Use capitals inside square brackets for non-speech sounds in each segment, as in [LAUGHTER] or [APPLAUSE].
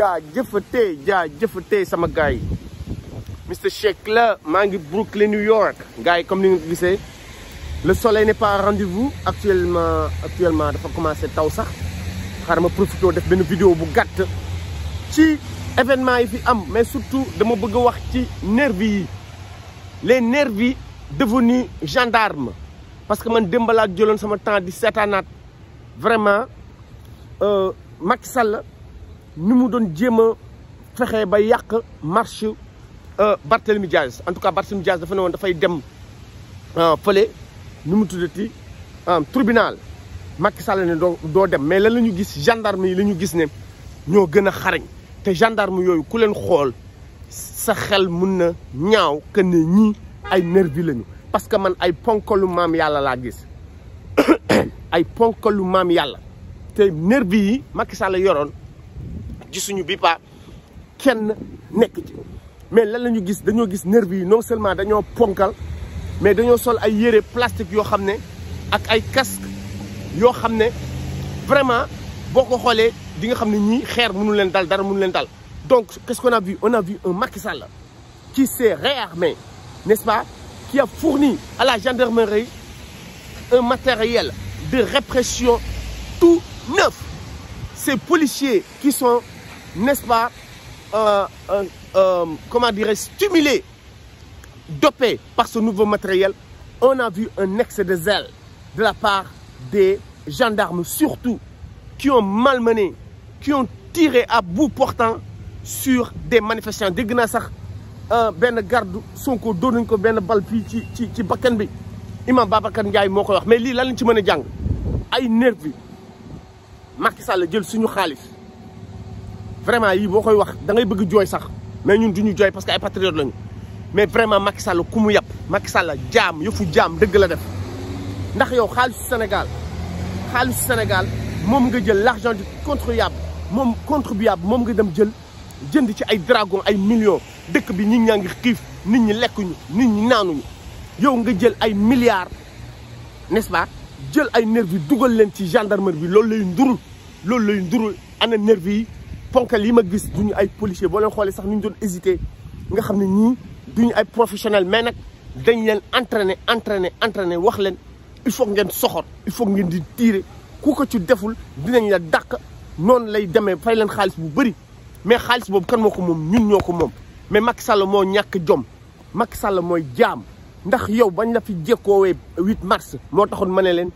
jaajëfatee jaajëfatee sama gars Mr. Mister Shake la Brooklyn New York gars comme ni le savez, le soleil n'est pas rendez-vous actuellement actuellement commencer à taw sax je profite de def une vidéo bu gâte. ci événement yi fi am mais surtout dama bëgg wax ci nervi les nervis devenus gendarmes. parce que man de violence, jëloon sama temps 17 ans. vraiment euh, Macky ni mu doon jéem a fexe ba yàq marche euh, Barthélemy Diaz en tout cas Barthélemy Diaz dafa ne woon dafay dem euh, fële nu mu tuddati euh, tribunal Macky Sall ne doo doo dem mais lan la ñu gis gendarme yi la ñu gis ne ñoo gën a xarañ te gendarme yooyu ku leen xool sa xel mun na ñaaw que ne ñii ay nervi lañu parce que man ay ponkalu maam yàlla laa gis [COUGHS] ay ponkalu maam yàlla te nervi yi Macky Sall yoroon. Je ne sais kenn qui ci mais lan la ñu gis les gis nervi non seulement dañoo ponkal mais les sol ay yére plastique yoo xam ak casque yo vraiment boo ko xoolee di nga xam ne ñii xeer mënu leen dal dara donc qu'est-ce qu'on a vu on a vu un Macky qui s'est réarmé n'est-ce pas qui a fourni à la gendarmerie un matériel de répression tout neuf ces policiers qui sont n'est-ce pas, euh, euh, comment dirais stimulé, dopé par ce nouveau matériel, on a vu un excès de zèle de la part des gendarmes, surtout, qui ont malmené, qui ont tiré à bout portant sur des manifestants dégg naa sax ben garde Sonko dóor nañ ko ben bal fi ci ci ci bakkan bi imam Babacar Ndiaye moko wax mais li lan ci meuna jang jàng ay nervi Macky Sall jël suñu xaalis vraiment yi boo koy wax da ngay bëgg jooy sax mais ñun du ñu jooy parce que ay patriotes lañu mais vraiment Macky Sall ku mu yàpp Macky Sall jaam yëfu jaam dëgg la def ndax yow xaalisu senegal xaalisu Sénégal moom nga jël l'argent du contribuable moom contribuable moom nga dem jël jënd ci ay dragon ay millions dëkk bi nit ñaa ngi xiif nit ñi lekkuñu nit ñi naanuñu yow nga jël ay milliards nest jël ay nervi dugal leen ci gendarmerie bi loolu lay ndurul loolu lay ndurul ana nervi ponkal yi ma gis duñu ay policier boo leen xoolee sax ñu doon hésité nga xam ne ñii ñu ay professionnel mais nag dañ leen entraîné entraîné entraîné wax leen il faut ngeen soxor il faut ngeen di tiire ku ko ci deful dinañ la dàq noonu lay demee fay leen xaalis bu bëri mais xaalis boobu kan moo ko moom ñun ñoo ko moom mais Macky Sall moo ñàkk jom Macky Sall mooy jaam ndax yow bañ la fi jekkoowee 8 mars moo taxoon ma ne leen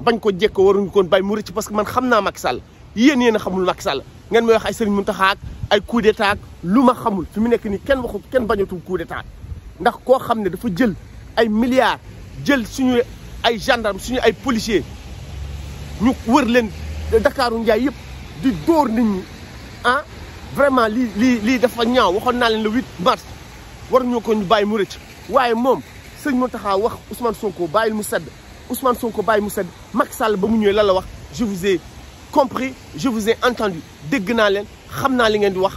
bañ ko jekkoo waruñu koon bàyyi mu rëcc parce que man xam naa Macky Sall yéen yéen a xamul Macky Sall ngeen may wax ay Serigne taxaak ay coup d'état lu ma xamul fi mu nekk nii kenn waxu kenn bañatu coup d'état ndax koo xam ne dafa jël ay milliards jël suñu ay gendarme suñu ay policier ñu wër leen Dakaaru Njaay yëpp di dóor nit ñi ah vraiment lii lii lii dafa ñaaw waxoon naa leen le 8 mars war ñoo ko ñu bàyyi mu rëcc waaye moom Serigne Mountakha wax Ousmane Sonko bàyyi mu sedd Ousmane Sonko bàyyi mu sedd mag Sall ba mu ñëwee lan la wax je vous compris je vous ai entendu dégg naa leen xam naa li ngeen di wax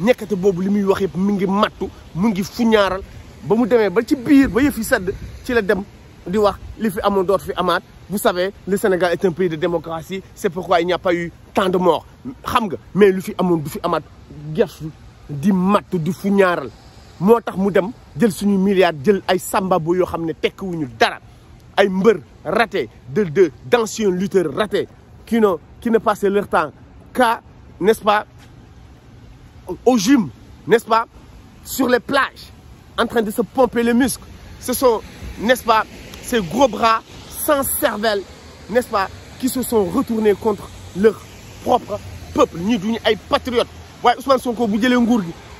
nekkate boobu li muy wax yëpp mu ngi mattu mu ngi fuñaaral ba mu ba ci biir ba yëf yi sedd ci la dem di wax li fi amoon doot fi amaat vous savez le Sénégal est un pays de démocratie c'est pourquoi il n'y a pas eu tant de morts xam nga mais lu fi amoon du fi amaat gertu di mattu di fuñaaral moo tax mu dem jël suñu milliard jël ay sambabo yoo xam ne tekkiwuñu dara ay mbër raté de de d'anciens lutteurs ratés qui n'ont qui ne passaient leur temps qu'à, n'est-ce pas, au gym, n'est-ce pas, sur les plages, en train de se pomper les muscles. Ce sont, n'est-ce pas, ces gros bras sans cervelle, n'est-ce pas, qui se sont retournés contre leur propre peuple. Nous sommes des patriotes. Ouais, Ousmane Sonko, vous avez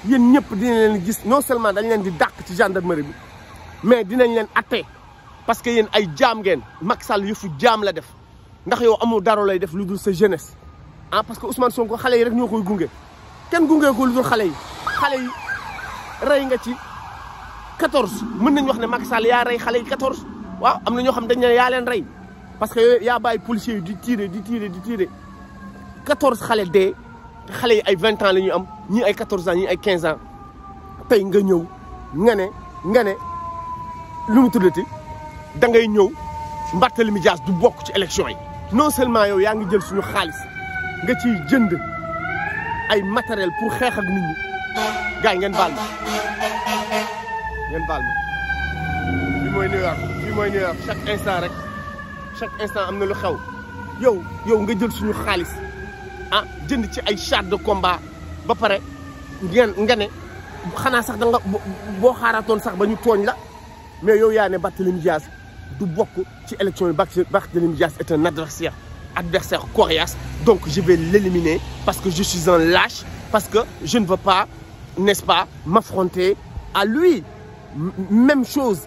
yéen ñëpp dinañ leen gis non seulement dañ leen di dàq ci gendarmerie bi mais dinañ leen atte parce que yéen ay jaam Maxal Macky Sall des jaam la def ndax yow amul daro lay def lu sa jeunesse ah parce que Ousmane Sonko xalé yi rek ñokoy koy gunge kenn gunge ko lu xalé yi xalé yi rey nga ci 14 mën nañ wax ne Macky Sall yaa rey xale yi 14 waaw am na ñoo xam dañ ne yaa leen parce que ya bay policier yi di tiire di tiire di tiire 14 xalé dee xalé yi ay 20 ans la ñuy am ñi ay 14 ans ñi ay 15 ans tay nga ñew nga ne nga ne lu mu tuddati da ngay ñëw Barthélémy Dias du bokk ci élection yi. non seulement yow yaa ngi jël suñu xaalis nga ci jënd ay matériel pour xeex ak nit yi ngeen baal ma ngeen baal ma bi mooy New York bi mooy New York chaque instant rek chaque instant am na lu xew yow yow nga jël suñu xaalis ah jënd ci ay chars de combat ba pare ngeen nga ne xanaa sax da boo xaaraatoon sax ba ñu tooñ la mais yow yaa ne Barthélémy Dias du bokk ci élection yi est un adversaire adversaire coriace donc je vais l'éliminer parce que je suis un lâche parce que je ne veux pas n'est-ce pas m'affronter à lui même chose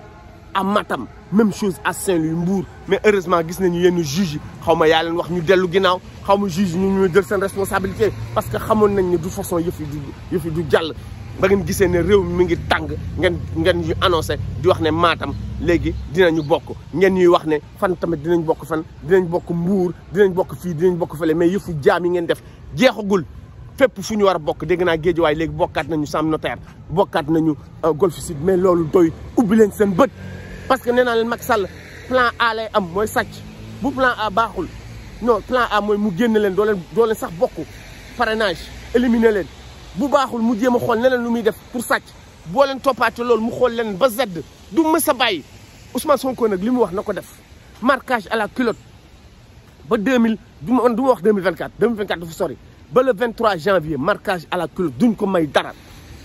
à Matam même chose à Saint-Louis mais heureusement gis nañu yenn juge yi xaw leen wax ñu dellu ginnaaw juge ñu ñu jël sen responsabilité parce que xamone nañ ni du façon yëf yi du du jall ba ngeen giseen ne réew mi mi ngi tàng ngeen ngeen ñu annoncé di wax ne maatam léegi dinañu bokk ngeen ñuy wax ne fan tamit dinañ bokk fan dinañ bokk Mbuur dinañ bokk fii dinañ bokk fële mais yëfu jaam yi ngeen def jeexagul fépp fu ñu war a bokk dégg naa waay léegi bokkaat nañu Sam Notaire bokkaat nañu euh, Golf Sud mais loolu doy ubbi leen seen bët parce que nee naa leen Macky Sall plan A lay am mooy sàcc bu plan A baaxul no plan A mooy mu génn leen doo leen sax bokk parrainage éliminer leen bu baaxul mu jema xol xool leneen lu muy def pour sàcc bo leen toppaate lol mu xol leneen ba zedd du mës a bàyyi Ousmane Sonko nak limu wax nako def marquage à la culotte ba 2000 du ma du ma wax 2024 2024 du fa sori ba le 23 janvier marquage à la culotte duñ ko may dara.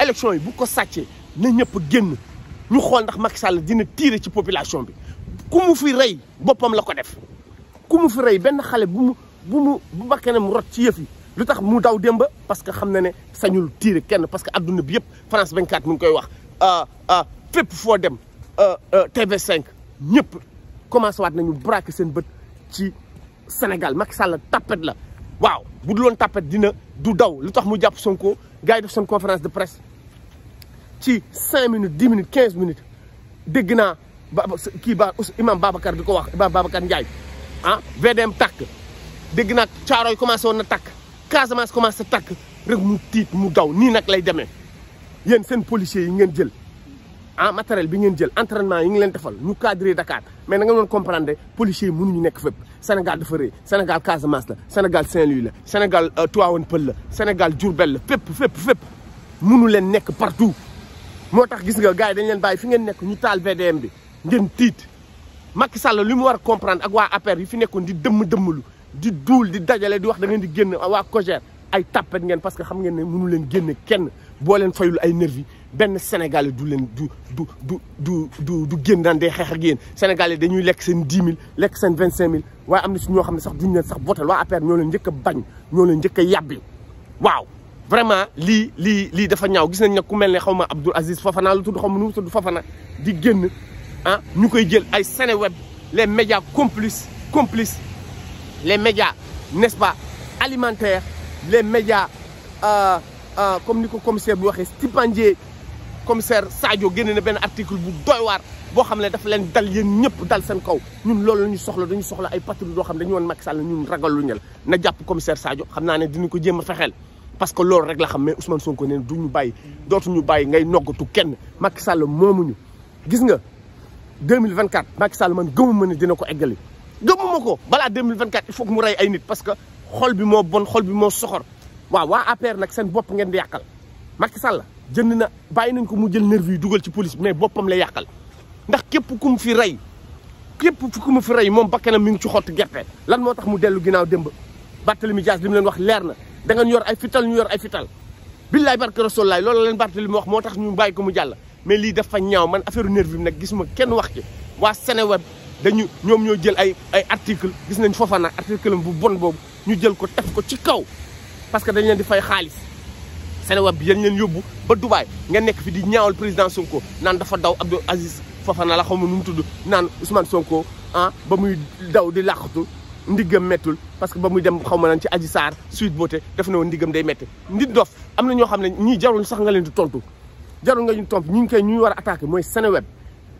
élection yi bu ko saccé na ñëpp génn ñu xol ndax Macky Sall dina tirer ci population bi ku mu fi rey bopam la ko def ku mu fi rey ben xale bu mu bu mu bu bakkanam rot ci yëf yi. lutax mu daw demba parce que xamna na ne sañul tiire kenn parce que aduna bi yëpp France 24 mu ngi koy wax euh, euh, fep fo dem euh, TV5 ñëpp commencé wat nañu braquer seen bët ci Sénégal Macky Sall tapet la waaw bu dul woon tapet dina du daw lutax mu japp Sonko gaay def seen conférence de presse ci 5 minutes 10 minutes 15 minutes dégg na ki ba imam Babacar diko wax imam Babacar Ndiaye ah VDM tak dégg na Caaroy commencé wona tak Casamance commencé takk rek mu tiit mu daw nii nag lay demee yéen seen policier yi ngeen jël ah materiel bi ngeen jël entraînement yi ngi leen defal ñu cadré Dakar mais na nga doon comprendre policiers yi ñu nekk fépp Sénégal dafa rëy Sénégal Casamance la Sénégal Saint-Louis la Sénégal euh, Tivaouane Peulh la Sénégal Diourbel la fépp fépp fépp mënu leen nekk partout moo tax gis nga gars yi dañ leen bàyyi fi ngeen nekk ñu taal VDM bi ngeen tiit Macky salla li mu war a comprendre ak waa APR yi fi nekkoon di dëmm dëmmlu di doul di dajale di wax da ngeen di génn wa Cogère ay tapet ngeen parce que xam ngeen ne mënu leen génne kenn bo leen fayul ay nervi ben Sénégalais du leen du du du du du génn daan day xex ak yéen Sénégalais dañuy lekk sen 10000 mille lekk seen vingt cinq waaye am na si ñoo xam ne sax duñ leen sax votel waa APR ñoo leen njëkk a bañ ñoo leen njëkk a yàbbi waaw vraiment lii lii lii dafa ñaaw gis nañ ne ku mel ne xaw ma Abdoul Aziz Fofana lu tudd xaw ma nu tudd Fofana di génn ah ñu koy jël ay Sénéweb les médias complices complices les médias n'est-ce pas alimentaires les médias euh, euh, comme le commissaire commissaire Sadio y un article bu doy waar fait vous dafa leen dal fait ñëpp dal kaw Nous loolu nous soxla dañu soxla ay nous, nous Nous dañu nous Macky Sall ñun ragal lu nous, na nous, commissaire Sadio nous ko parce que loolu rek la xam mais Ousmane Sonko nous du ñu d'autres nous bàyyi ngay noggatu kenn Macky Sall gis nga 2024 Macky Sall man gëmu ma dina ko gëmuma ko balaa 2024 il faut que mu rey ay nit parce que xol bi moo bon xol bi moo soxor waaw waa APR nag seen bopp ngeen di yàqal Macky Sall jënd na bàyyi nañ ko mu jël nervi yi dugal ci police mais boppam lay yàqal ndax képp ku mu fi rey képp ku mu fi rey moom bakkanam mu ngi ci xottu gerte lan moo tax mu dellu ginnaaw démb Barthélemy Dias li mu leen wax leer na da ngeen yor ay fital ñu yor ay fital billaay barke rasulaay loolu leen Barthélemy wax moo tax ñu bàyyi ko mu jàll mais lii dafa ñaaw man affaire nervi bi nag gisuma kenn wax ci waa Seneweb dañu ñoom ñoo jël ay ay article gis nañ foofa nag article bu bon boobu ñu jël ko teg ko ci kaw parce que dañ leen di fay xaalis Seneweb bi dañ leen yóbbu ba Dubaay nga nekk fi di ñaawal président Sonko naan dafa daw Abdou Aziz Fofana la xawma nu mu tudd naan Ousmane Sonko ah ba muy daw di làqatu ndiggam mettul parce que ba muy dem xaw ma naan ci Adji Sarr suite boote def na woon ndiggam day metti ndi dof am na ñoo xam ne ñii jarul sax nga leen di tontu jarul nga ñu tontu ñi ngi koy ñuy war a attaqué mooy Seneweb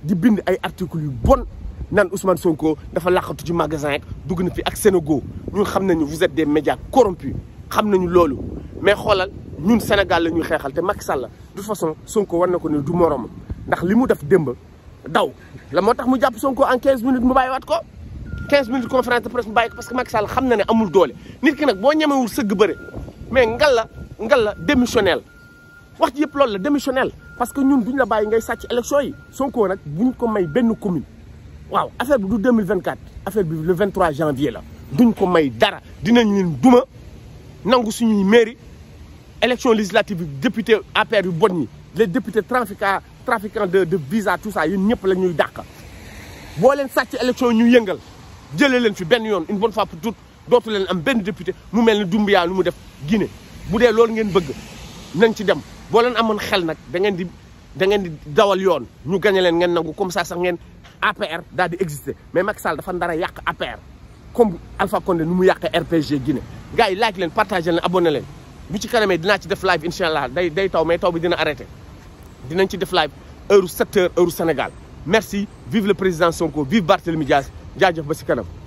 di bind ay article yu bon nan Ousmane Sonko dafa làqatu ci magasin ak dugg na fi ak Sénégal ñun xamnañu vous êtes des médias corrompus xamnañu lolu mais xolal ñun Sénégal la ñuy xeexal te Macky Sall du toute façon Sonko war nako ni du morom ndax limu def demb daw la motax mu japp Sonko en 15 minutes mu bayiwat ko 15 minutes conférence de presse mu bayiko parce que Macky Sall xamna né amul doole nit ki nak bo ñemewul sëgg bëré mais ngal la ngal la démissionnel wax ci yëpp la démissionnel parce que ñun duñ la bayyi ngay sàcc élection yi Sonko nak buñ ko may benn commune. Wow, affaire 2024 affaire le 23 janvier la duñ ko may dara dinañ duma mairie élection législative député APR perdu, les députés trafiquants trafiquants de de visa tout ça une ne peuvent pas. Nous boo leen élection ñu yëngal jëlee leen fi ben une bonne fois pour toutes dootu leen am benn député mu mel ne lu mu def Guinée bu loolu ngeen bëgg nañ ci dem boo leen xel da ngeen da ngeen di dawal yoon ñu gañe leen ngeen nangu comme ça sax ngeen APR daal di exister mais Macky Sall dafa ndara yàq APR comme Alpha Condé nu mu yàq RPG Guinée gars yi like leen partagé leen abonné leen bu ci kanamee dinaa ci def live incha allah day day taw mais taw bi dina arrêté dinañ ci def live heure secteur heures Sénégal merci vive le président Sonko vive Barthélémy Dias jaajëf ba si kanam